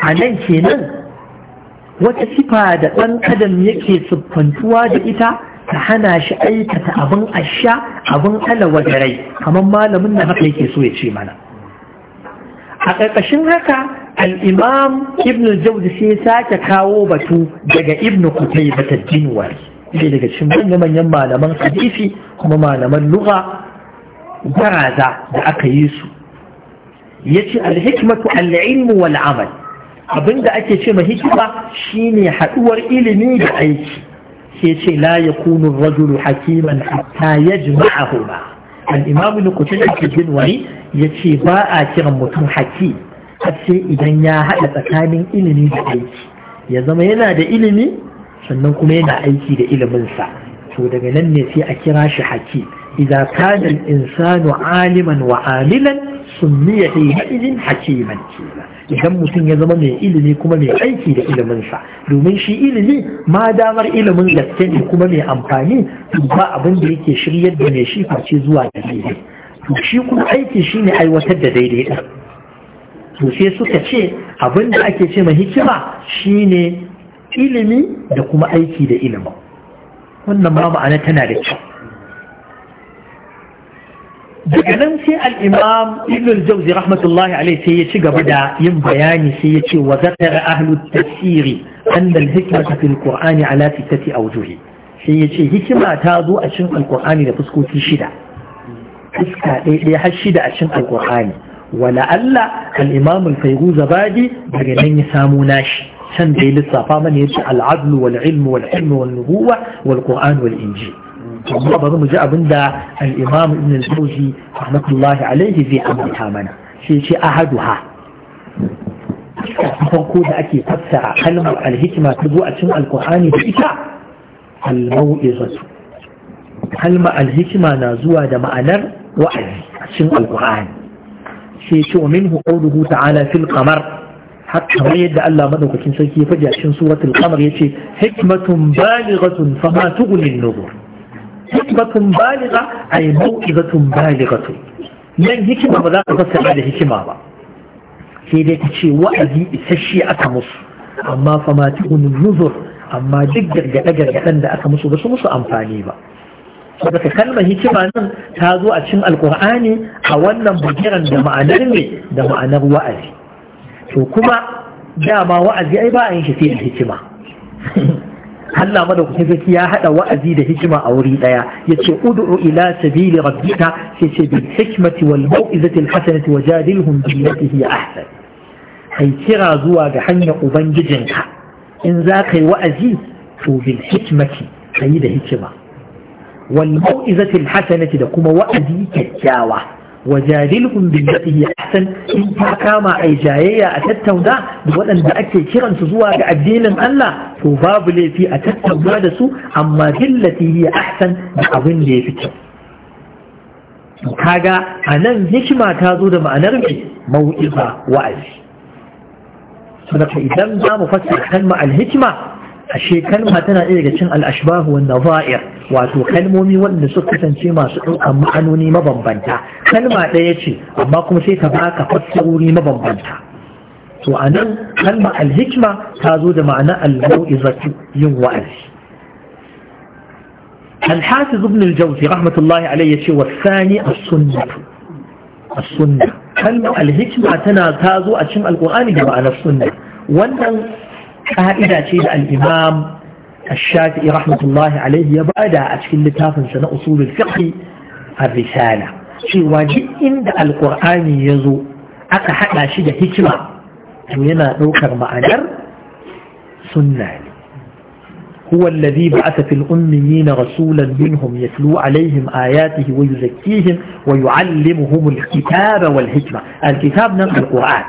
a nan kenan wata sifa da ɗan adam yake siffantuwa da ita ta hana shi aikata abin asha abin alawa da kamar malamin na haka yake so ya ce mana a ƙarƙashin haka al'imam ibn al-Jawdi sai sake kawo batu daga ibn kutai bata dinwar ɗaya daga cikin manya-manyan malaman hadisi kuma malaman lura garaza da aka yi su ya ce alhikmatu al'ilmu wal amal abinda ake ce ma hikima shine haɗuwar ilimi da aiki sai ce la ya kunun rajulu hakiman hatta ya jima'ahu ba ibn kutai ya ce ba a kiran mutum hakim har sai idan ya haɗa tsakanin ilimi da aiki ya zama yana da ilimi sannan kuma yana aiki da iliminsa to daga nan ne sai a kira shi haki idza kana al-insanu aliman wa amilan summiya ilmin hakiman idan mutum ya zama mai ilimi kuma mai aiki da iliminsa domin shi ilimi ma damar ilimin gaske ne kuma mai amfani ba abin da yake shiryar da mai shi face zuwa da to shi kuma aiki shine aiwatar da daidai to sai suka ce abin da ake ce ma hikima shine ilimi da kuma aiki da ilimin wannan ma ma'ana tana da kyau daga nan sai al'imam ibn jauzi rahmatullahi alai sai ya ci gaba da yin bayani sai ya ce wa zakara ahlu tafsiri andal hikmata fil qur'ani ala sittati awjuhi sai ya ce hikima ta zo a cikin Al-Qur'ani da fuskoki shida fuska ɗaya har shida a cikin Al-Qur'ani. wala Allah al imamin al-fayruz daga nan ya samu nashi can da ya lissafa mana yace al-adl wal-ilm wal-hilm wal-nubuwa wal-qur'an wal-injil amma bari mu ji abinda al-imam ibn al-jawzi rahmatullahi alayhi zai ambata mana shi yace ahaduha farko da ake fassara kalmar al-hikma ta zo a cikin al-qur'ani da ita al-mau'izatu kalmar al-hikma na zuwa da ma'anar wa'azi a cikin al-qur'ani sai ce minhu ta'ala fil qamar kamar yadda Allah madaukakin sarki ya faɗi a cikin suratul ya ce hikmatun balighatun fama tughni an-nubur hikmatun baligha ay mau'izatun balighatun nan hikima ba za ka fassara da hikima ba sai dai ta ce wa'azi isasshe aka musu amma fama tughni an-nuzur amma duk gargaɗe-gargaɗen da aka musu ba su musu amfani ba saboda kalmar hikima nan ta zo a cikin alkur'ani a wannan bugiran da ma'anar ne da ma'anar wa'azi to kuma dama wa'azi ai ba a yin shi sai da hikima Allah madaukakin zaki ya hada wa'azi da hikima a wuri daya yace ud'u ila sabili rabbika sai ce bil hikmati wal mau'izati al hasanati wajadilhum billati hiya ahsan kai kira zuwa ga hanyar ubangijinka in za ka yi wa'azi to bil hikmati kai da hikima والموئزة الحسنة لكما وأدي كجاوة وجادلهم بالتي هي أحسن إن كما أي جاية أتتونا بولن بأكي كيران سزوا الدين الله فباب لي في أتتونا دسو أما التي هي أحسن بأظن لي فكر kaga a nan hikima ta zo da ma'anar mai mau'iza wa'azi sadaka idan za mu fassara kalma al-hikima ashe kalma tana ɗaya daga cin al'ashbahu wa naza'ir wato kalmomi waɗanda suka kasance masu ɗaukar ma'anoni mabambanta kalma ɗaya ce amma kuma sai ta baka fassarori mabambanta to a nan kalma alhikma ta zo da ma'ana al-mau'izatu yin wa'azi الحافظ ابن الجوزي رحمة الله عليه يشي والثاني السنة السنة كلمة الهكمة تنازازو أشم القرآن جمعنا السنة وأن قائدة ce الإمام الشافعي رحمة الله عليه يبدأ أشكل لتافن سنة أصول الفقه الرسالة شيء واجب إن القرآن يزو أكا حتى شيء هكما وينا نوكر معنر سنة هو الذي بعث في الأميين رسولا منهم يتلو عليهم آياته ويزكيهم ويعلمهم الكتاب والحكمة الكتاب نقل القرآن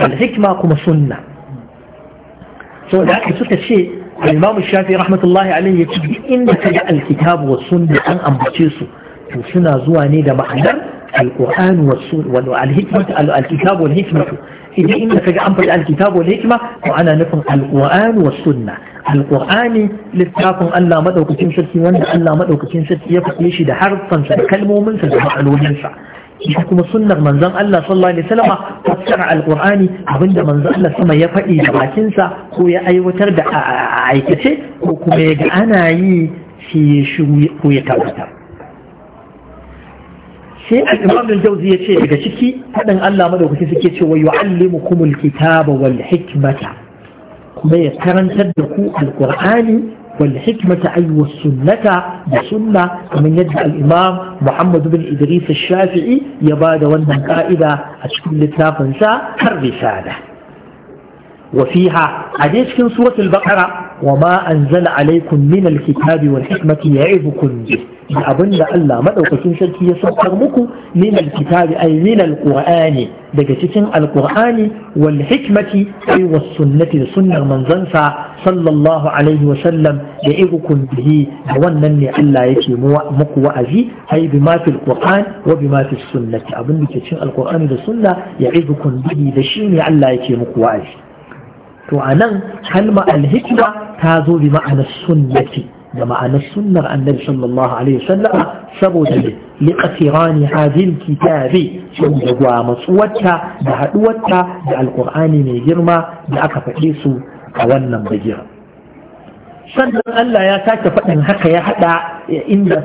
الحكمة كما سنة so da aka suka ce al-imam shafi rahmatullahi alaihi ya ce inda ka ga al wa sunna an ambace su to suna zuwa ne da ma'anar al wa sunna wa al al-kitab wal hikmah idan inda ka ga an faɗi al wal to ana nufin al wa sunna al littafin Allah madaukakin sarki wanda Allah madaukakin sarki ya faɗe shi da harfansa da kalmominsa da ma'anoninsa kuma sunnar manzon Allah sallallahu alaihi wasallam fassara alqur'ani abinda manzon Allah sama ya faɗi da bakinsa ko ya aiwatar da aikace ko kuma ya ga ana yi shi ya shiru ko ya tabbatar sai al-imam al-jawzi yace daga ciki haɗin Allah madaukaki suke cewa yu'allimukumul kitaba wal hikmata kuma ya karantar da ku alqur'ani والحكمة أي والسنة بسنة ومن يدعى الإمام محمد بن إدريس الشافعي يباد ونن قائدة أشكل لتنافنسا الرسالة وفيها عديش كن سورة البقرة وما أنزل عليكم من الكتاب والحكمة يعظكم به أبن ألا مدوكتين سلكي يسمكم من الكتاب أي من القرآن دكتين القرآن والحكمة أي والسنة لسنة من زنسى صلى الله عليه وسلم يعظكم به ونني ألا يكي مقوى أزي أي بما في القرآن وبما في السنة أبن دكتين القرآن لسنة يعظكم به دشيني ألا يكي مقوى أزي to a nan kalma alhikma ta zo bi ma'anar sunnati da ma'anar sunnar annabi sallallahu alaihi wasallam saboda ne liqatirani hadil kitabi saboda gwamatsuwarta da haduwarta da alqur'ani mai girma da aka faɗe su a wannan bagira sannan Allah ya sake faɗin haka ya haɗa inda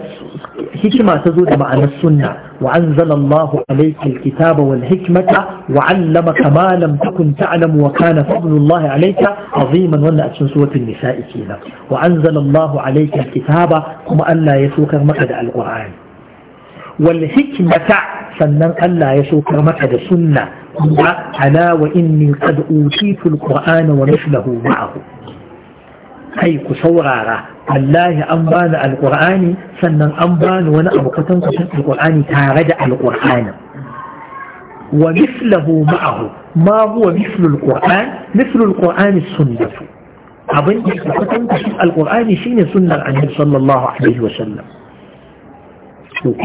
hikima ta zo da ma'anar sunna wa anzala Allahu alayka alkitaba wal hikmata wa 'allamaka ma lam takun ta'lamu wa kana fadlullahi alayka aziman wannan a cikin suratul nisa'i kenan wa anzala Allahu alayka alkitaba kuma Allah ya sokar maka da alqur'ani wal hikmata sannan Allah ya sokar maka da sunna kuma ala wa inni qad utitu alqur'ana wa mithluhu ma'ahu kai ku saurara wallahi an bani alqur'ani sannan an bani wani abu kwatan kwatan tare da Alƙur'ani. wa mislahu ma'ahu ma huwa mislu alqur'an mislu alqur'ani sunnatu abin da ke kwatan kwatan shine sunnar annabi sallallahu alaihi wa sallam to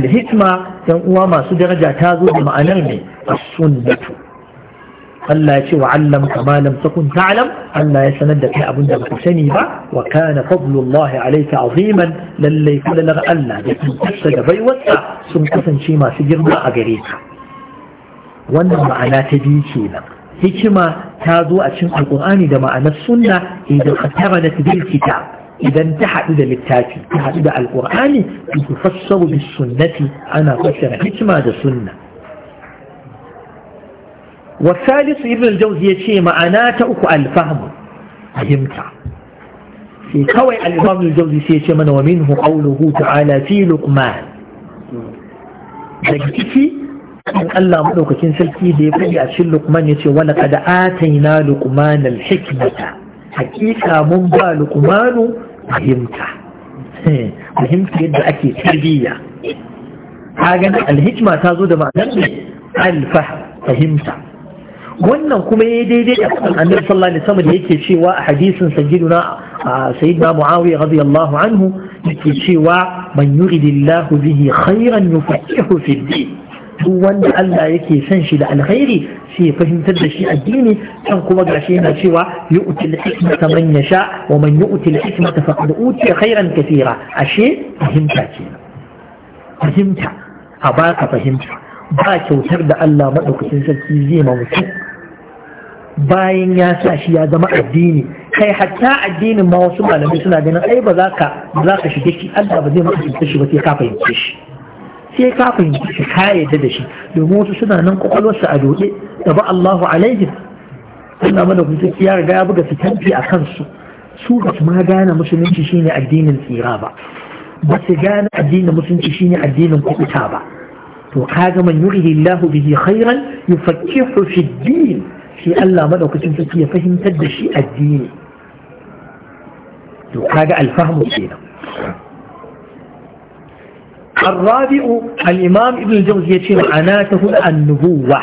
alhikma yan uwa masu daraja ta zo da ma'anar ne as-sunnatu Allah ya ce wa allam kama lam takun ta'lam Allah ya sanar da kai abin da baka sani ba wa kana fadlullahi alayka aziman lalle kullalar Allah da kinsa da baiwarsa sun kasance masu girma a gare ka wannan ma'ana ta biyu kenan hikima ta zo a cikin alqur'ani da ma'anar sunna idan qatarat bil kitab idan ta haɗu da littafi ta haɗu da alqur'ani tufassaru bis sunnati ana fassara hikima da sunna wasalisu ibn al-jawzi ya ce ma'ana ta uku alfahmu fahimta sai kawai al-imam al sai ya ce mana wa minhu qawluhu ta'ala fi luqman daga ciki in Allah madaukakin sarki da ya fadi a cikin luqman ya ce wa laqad atayna luqman al-hikmata hakika mun ba luqmanu fahimta fahimta yadda ake tarbiyya kaga al-hikma ta zo da ma'anar al-fahm fahimta wannan kuma ya daidai da annabi sallallahu alaihi wasallam da yake cewa a hadisin sayyiduna sayyidina muawiya radiyallahu anhu yake cewa man yuridillahu bihi khairan yufaqihu fi din duk wanda Allah yake san shi da alkhairi shi ya fahimtar da shi addini kan kuma gashi yana cewa yu'ti al-hikmata man yasha wa man yu'ti al-hikmata faqad utiya khairan kathira ashe fahimta ce fahimta a baka fahimta ba kyautar da Allah madaukakin sarki zai ma mutum bayan ya sa shi ya zama addini kai hatta addinin ma wasu malamai suna ganin ai ba za ka za ka shige shi Allah ba zai maka cutar shi ba sai ka fahimce shi sai ka fahimce shi ka yadda da shi domin wasu suna nan kwakwalwarsu a doɗe da ba Allahu alaihim suna mana kuma ya riga ya buga fitanti a kansu su ba su ma gane musulunci shine addinin tsira ba ba su gane addinin musulunci shine addinin kuɓuta ba to kaga man yurihi Allahu bihi khairan yufakkihu fi din sai Allah madaukakin sarki ya fahimtar da shi addini to kaga alfahmu kenan الرابع الإمام ابن الجوزي يقول معناته النبوة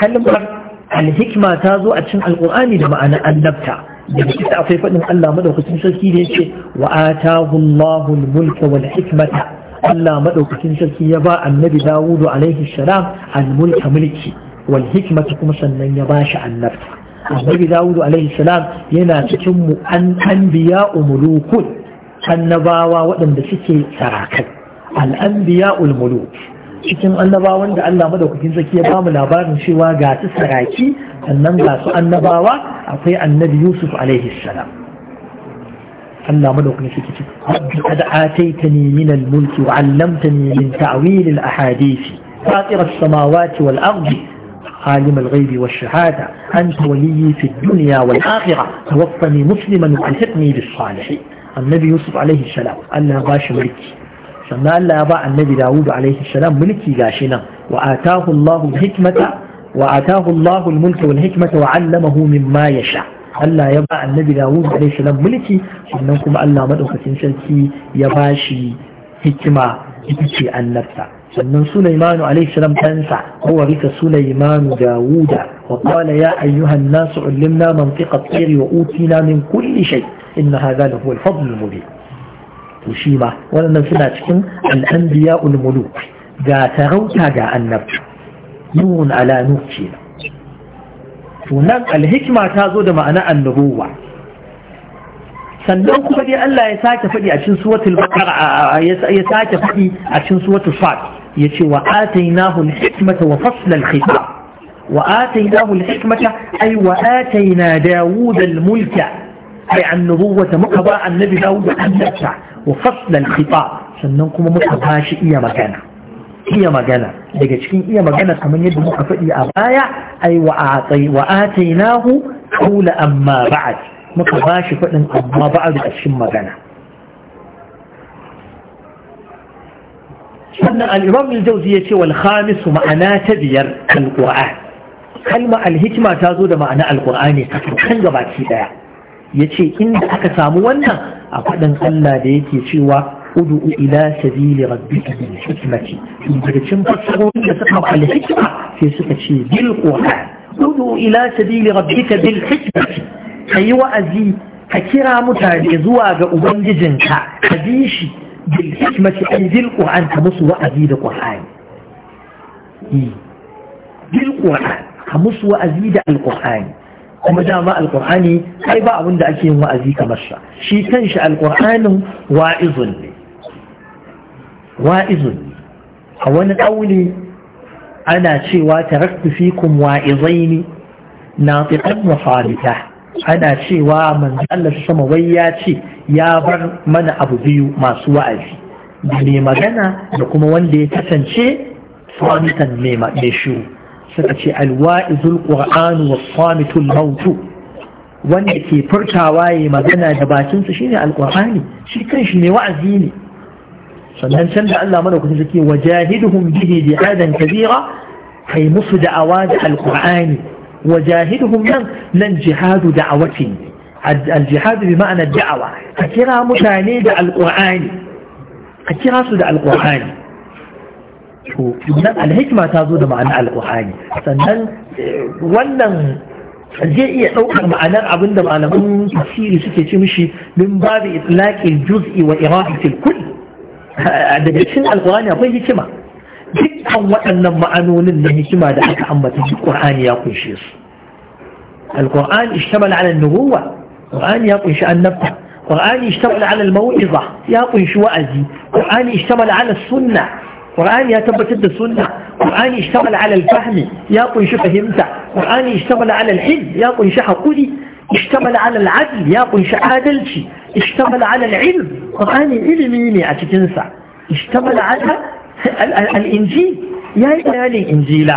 كلمة الحكمة تازو أتشن القرآن لما أنا النبتة يقول أصيفة أن الله مدوك سنشركي يقول وآتاه الله الملك والحكمة الله مدوك سنشركي يبا النبي داود عليه السلام الملك ملكي wal hikmatu kuma sannan ya shi annabta annabi dawudu alaihi salam yana cikin mu an anbiya umulukun annabawa waɗanda suke sarakai al anbiya cikin annabawan da Allah madaukakin zaki ya ba mu labarin cewa ga su saraki sannan ga su annabawa akwai annabi Yusuf alaihi salam Allah madaukakin zaki ce rabbi ataitani min al-mulki wa 'allamtani min ta'wil al-ahadith fatir as-samawati wal-ardi عالم الغيب والشهادة أنت ولي في الدنيا والآخرة توفني مسلما وألحقني بالصالحين النبي يوسف عليه السلام ألا باش ملكي سمى ألا أبا النبي داود عليه السلام ملكي قاشنا وآتاه الله الحكمة وآتاه الله الملك والحكمة وعلمه مما يشاء Allah ya ba annabi Dawud alaihi salam mulki sannan kuma Allah madaukakin sarki ya bashi hikima ita ce annabta من سليمان عليه السلام تنفع هو بك سليمان داود وقال يا أيها الناس علمنا منطقة طير وأوتنا من كل شيء إن هذا هو الفضل المبين تشيما ولن نسمعكم الأنبياء الملوك جاء تغوتا جاء النبي نون على نوكينا فنان الهكمة تازود معنى النبوة sannan kuma dai Allah ya sake faɗi a cikin suwatul baqara ya sake faɗi a cikin suwatul fatir يتي وآتيناه الحكمة وفصل الخطاب وآتيناه الحكمة أي وآتينا داود الملك أي عن نبوة مقبى النبي داود النبسع وفصل الخطاب سننكم مقبى شيء يا مكانا يا مكانا لكن يا مكانا كمن يد مقبى يا أبايا أي وآتي وآتيناه قول أما بعد مقبى شيء فإن أما بعد أشم مكانا sannan al-imam al-jawzi ce wal khamis ma'ana ta biyar al-qur'an kalma al-hikma ta zo da ma'ana al-qur'ani ta kan gabaki daya yace inda aka samu wannan a faɗin Allah da yake cewa udu ila sabili rabbika bil hikmati cikin fasahohin da suka ba al-hikma sai suka ce bil qur'an udu ila sabili rabbika bil hikmati kayi wa'azi ka kira mutane zuwa ga ubangijinka ka bi shi bil hikmati an bil qur'an ka musu wa'azi da qur'ani bil e, qur'an ka wa'azi da kuma dama alqur'ani kai ba abin da ake yin wa'azi kamar sa shi kanshi alqur'anin wa'izun ne wa'izun a wani ɗauni ana cewa taraktu fikum wa'izaini ناطقا وصالحا ana cewa manzo Allah sama wai ya ce ya bar mana abu biyu masu wa'azi da mai magana da kuma wanda ya kasance samitan mai shiru suka ce alwa'izul qur'an wa samitul mautu wanda ke furtawa ya magana da bakinsa shine alqur'ani shi kanshi ne wa'azi ne sannan can da Allah mana kusa suke wajahiduhum bihi jihadan kabira kai musu da'awa da alqur'ani وجاهدهم لن لن جهاد دعوة الجهاد بمعنى الدعوة أكرا متاني دع القرآن أكرا سدع القرآن zo da معنى القرآن sannan wannan zai iya ɗaukar ma'anar abin da malaman tafsiri suke ci mishi min babu itlaqil juz'i wa irahatil kull daga cikin alqur'ani akwai hikima dukkan waɗannan ma'anonin na hikima da aka ambata duk Qur'ani ya kunshe su Al-Qur'an ishtamal ala nubuwa Qur'ani ya kunshi annabta Qur'ani ishtamal ala al-mau'iza ya kunshi wa'azi Qur'ani ishtamal ala sunna Qur'ani ya tabbatar da sunna Qur'ani ishtamal ala al-fahmi ya kunshi fahimta Qur'ani ishtamal ala al-hilm ya kunshi hakuri اشتمل على العدل يا قنش عادلشي اشتمل على العلم قرآن علمي ني أتكنسع اشتمل على al'inji ya yi bayanin injila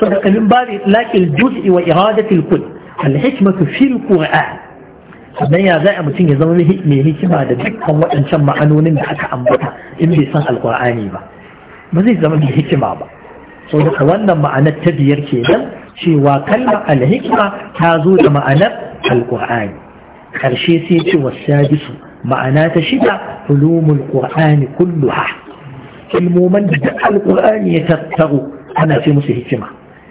sadakalin ba laƙil juz'i wa iradatul kul al-hikmatu sannan ya za a mutum ya zama mai hikima da dukkan waɗancan ma'anonin da aka ambata in bai san alkur'ani ba ba zai zama mai hikima ba sau daga wannan ma'anar ta biyar kenan cewa kalmar alhikima ta zo da ma'anar Alƙur'ani. Karshe sai ce wasu ma'ana ta shida ulumul qur'ani kulluha ilmoman da duk alƙur'ani ya tattaro ana ce musu hikima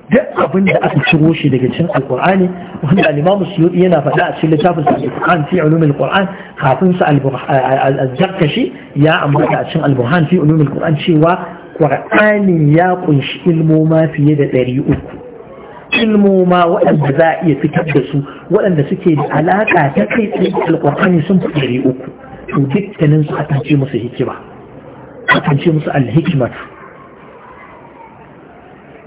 duk abin da aka ciro shi daga cikin alƙur'ani wanda al-imamu suyuti yana faɗa a cikin littafin sa al fi ulumil qur'an kafin sa al ya ambata a cikin al-burhan fi ulumil qur'an cewa qur'ani ya kunshi ilmoma fiye da ɗari uku ilmoma waɗanda za a iya fitar da su waɗanda suke da alaƙa ta kai tsaye alƙur'ani sun fi ɗari uku to dukkanin su akan ce musu hikima akan musu alhikmatu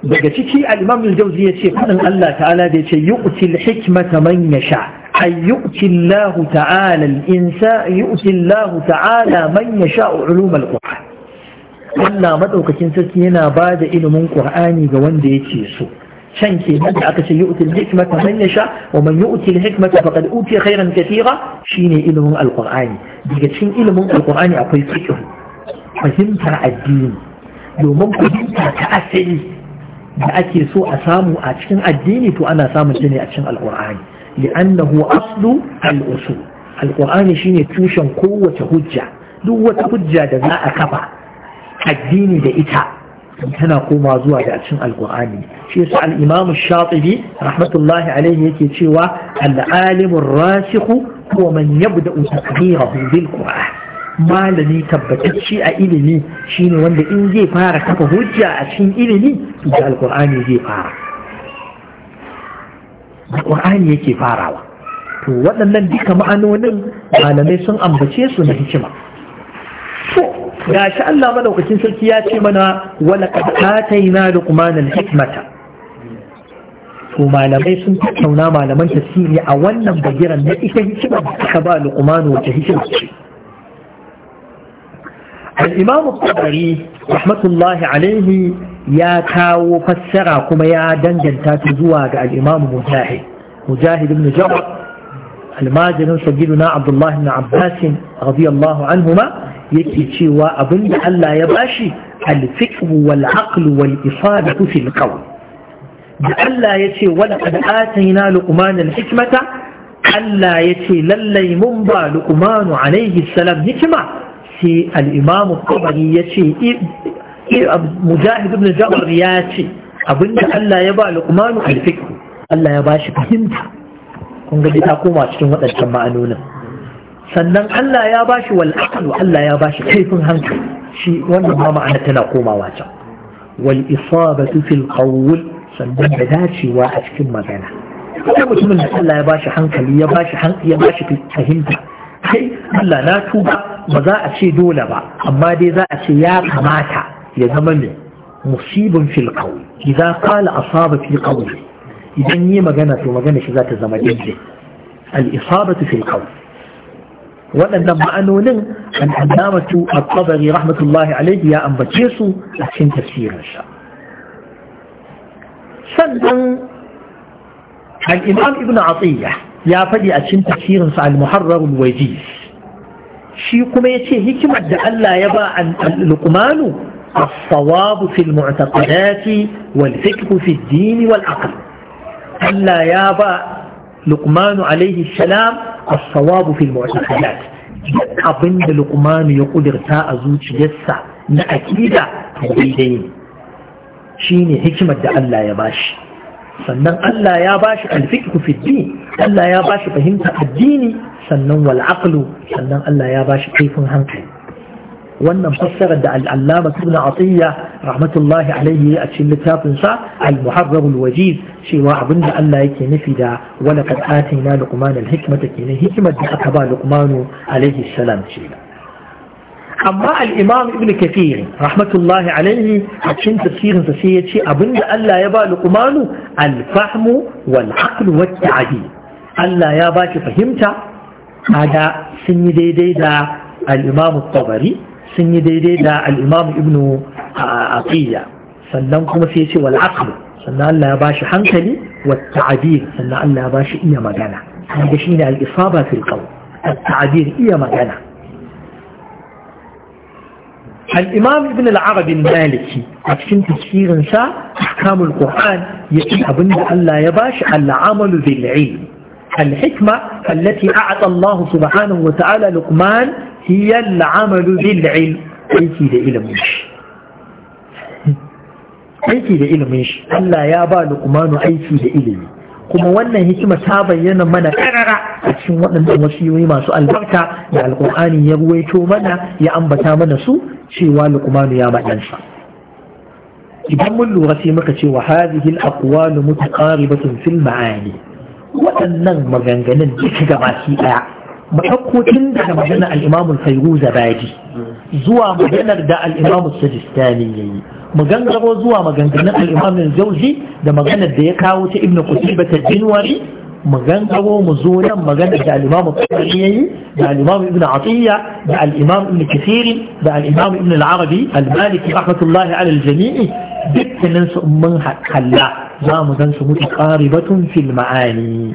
daga ciki al-imam al ya ce, fadin Allah ta'ala da yace yu'til hikmata man yasha ay yu'til Lahu ta'ala al-insa yu'til Allah ta'ala man yasha ulum al-qur'an Allah madaukakin sarki yana bada ilimin qur'ani ga wanda yake so can ke da aka ce yu'til hikmata man yasha wa man yu'til hikmata faqad utiya khairan katira shine ilimin al-qur'ani daga cikin ilimin al-qur'ani akwai fiqh fahimtar addini domin fahimta ta asali da ake so a samu a cikin addini to ana samun shi ne a cikin alƙur'ani li'annahu aslu al-usul alƙur'ani shine tushen kowace hujja duk wata hujja da za a kafa addini da ita tana koma zuwa da cikin alƙur'ani shi yasa al-imam shatibi rahmatullahi alaihi yake cewa al'alimin alimur rasikhu huwa man yabda'u taqdirahu bil qur'an malami tabbatacci a ilimi shine wanda in zai fara kafa hujja a cikin ilimi to da alkur'ani zai fara alkur'ani yake farawa to waɗannan duka ma'anonin malamai sun ambace su na hikima to ga shi Allah madaukakin sarki ya ce mana wala qad ataina luqman al-hikmata to malamai sun tattauna malaman tafsiri a wannan bagiran na ita hikima ka ba luqman wata hikima ce الإمام الطبري رحمة الله عليه يا كاو فسر كما يا دنجن تاتزوا الإمام مجاهد مجاهد بن na الماجن سيدنا عبد الله بن عباس رضي الله عنهما yake cewa abinda Allah ya bashi al-fiqh wal aql wal da Allah yace wala qad atayna luqman al-hikmata Allah yace lallai mun ba luqman alayhi salam sai al'imamu kwamari ya ce mujahid ibn ya ce abinda Allah ya ba luqmanu alfiqh Allah ya ba shi fahimta kun ga ta koma cikin waɗancan ma'anonin sannan Allah ya ba shi wal Allah ya ba kaifin hankali shi wannan ma ma'ana tana komawa can wal isabatu fil qawl sannan da dacewa a cikin magana kuma mutumin da Allah ya ba hankali ya ya fahimta kai Allah na tuka. ba za a ce dole ba amma dai za a ce ya kamata ya zama mai musibin fil qawl idan qala asaba fi idan yi magana to magana shi za ta zama daidai al isabatu fil waɗannan ma'anonin an annamatu a tabari rahmatullahi alaihi ya ambace su a cikin tafsirin sa sannan al-imam ibn atiyya ya faɗi a cikin tafsirin sa al-muharrar al-wajiz shi kuma ya ce hikimar da Allah ya ba al-luqmanu as-sawabu fil mu'taqadati wal fi ad-din Allah ya ba luqmanu alaihi salam as-sawabu fil mu'taqadat abin da luqmanu ya kudirta a zuciyarsa na akida daidai ne shine hikimar da Allah ya ba shi. sannan Allah ya bashi alfiqhu fi din Allah ya bashi fahimta addini sannan wal aqlu sannan Allah ya bashi kaifin hankali wannan fassarar da al'allama ibn atiyya rahmatullahi alaihi a cikin littafin sa al-muharrar al-wajiz cewa abinda Allah yake nufi da wala qad atina luqman al-hikmata kenan hikmar da aka ba luqmanu alaihi salam ce amma al'imam ibn kafiri rahmatullahi alaihi a cikin tafsirinsa sai ya ce abinda Allah ya ba luqmanu alfahmu wal aql wat ta'adi Allah ya ba fahimta kaga sun yi daidai da al'imam tabari sun yi daidai da al'imam ibn aqiya sannan kuma sai ya ce wal aql sannan Allah ya ba shi hankali wat ta'adi sannan Allah ya ba shi iya magana kaga shine al-isaba fil qawl at-ta'dir iya magana al'imam ibn al'arabin maliki a cikin tafsirinsa kamun ƙoran ya ce abinda Allah ya bashi al'amalu bil ilm الحكمة التي أعطى الله سبحانه وتعالى لقمان هي العمل بالعلم أيكي ذا إلى aiki da ilimin shi Allah ya ba luqmanu aiki da ilimi kuma wannan hikima ta bayyana mana karara a cikin waɗannan wasiyoyi masu albarka da alƙur'ani ya ruwaito mana ya ambata mana su cewa lukmanu ya madansa idan mun lura sai muka ce wa hadhihi al-aqwal mutaqaribatun fil ma'ani waɗannan maganganun duka ga baki daya tun daga maganar al-imam al zuwa maganar da al-imam al-sajistani yayi zuwa maganganun al Zauzi da maganar da ya kawo ta ibnu qutayba ta dinwari أبو مغنقو مزولا مغنقى الإمام الطبيعي دع الإمام ابن عطية دع الإمام ابن كثير دع الإمام ابن العربي المالك رحمة الله على الجميع دك ننسى من حلا زام ننسى متقاربة في المعاني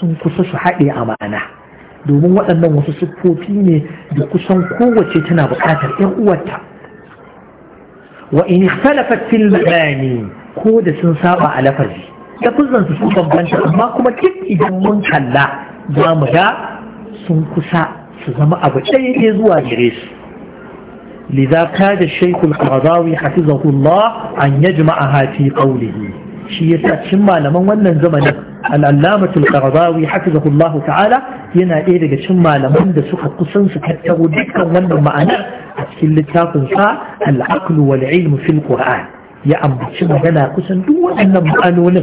سنقصص حقي أمانة domin waɗannan wasu siffofi بقصن قوة kusan بقاتل tana وإن اختلفت في المعاني in ikhtalafat fil ma'ani ko lafizan su sun bambanta amma kuma duk idan mun kalla za mu ga sun kusa su zama abu ɗaya ne zuwa gare su لذا كاد الشيخ القرضاوي حفظه الله أن يجمعها في قوله شيء تشمع لمن ولن زمن العلامة القرضاوي حفظه الله تعالى ينا إيه تشمع لمن دسوك قصن سكتب ذكر ولن معنى أسكيل التاقنصا العقل والعلم في القرآن يا أم تشمع لنا قصن دون أن معنون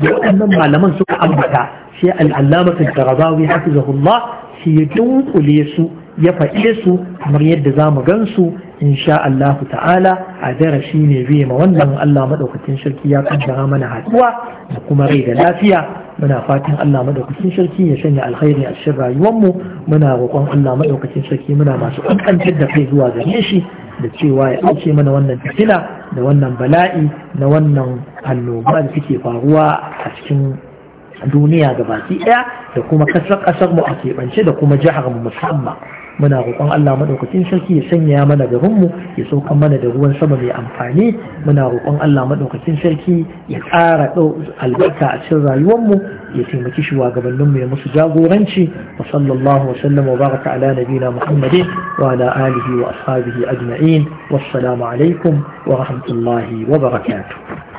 da waɗannan malaman suka ambata sai al'allamatul karazawi hafizahullah sai ya dunkule su ya faɗe su kamar yadda za mu gansu insha Allah ta'ala a darasi ne biye ma wannan Allah maɗaukacin sarki ya kaddara mana haɗuwa da kuma rai da lafiya muna fatan Allah maɗaukacin sarki ya sanya alkhairi a cikin rayuwarmu muna roƙon Allah maɗaukacin sarki muna masu kankantar da kai zuwa gare shi da cewa ya ɗauke mana wannan fitina da wannan bala'i na wannan annoba da take faruwa a cikin duniya gabaki ɗaya da kuma kasar ƙasar mu a keɓance da kuma jihar mu musamman muna roƙon Allah maɗaukakin sarki ya sanya mana garinmu ya saukan mana da ruwan sama mai amfani muna roƙon Allah maɗaukakin sarki ya ƙara albarka a cikin rayuwarmu ya taimaki shugabanninmu ya musu jagoranci wa sallallahu wa sallam wa baraka ala nabina muhammadin wa ala alihi wa ashabihi ajma'in wassalamu alaikum wa rahmatullahi wa barakatuh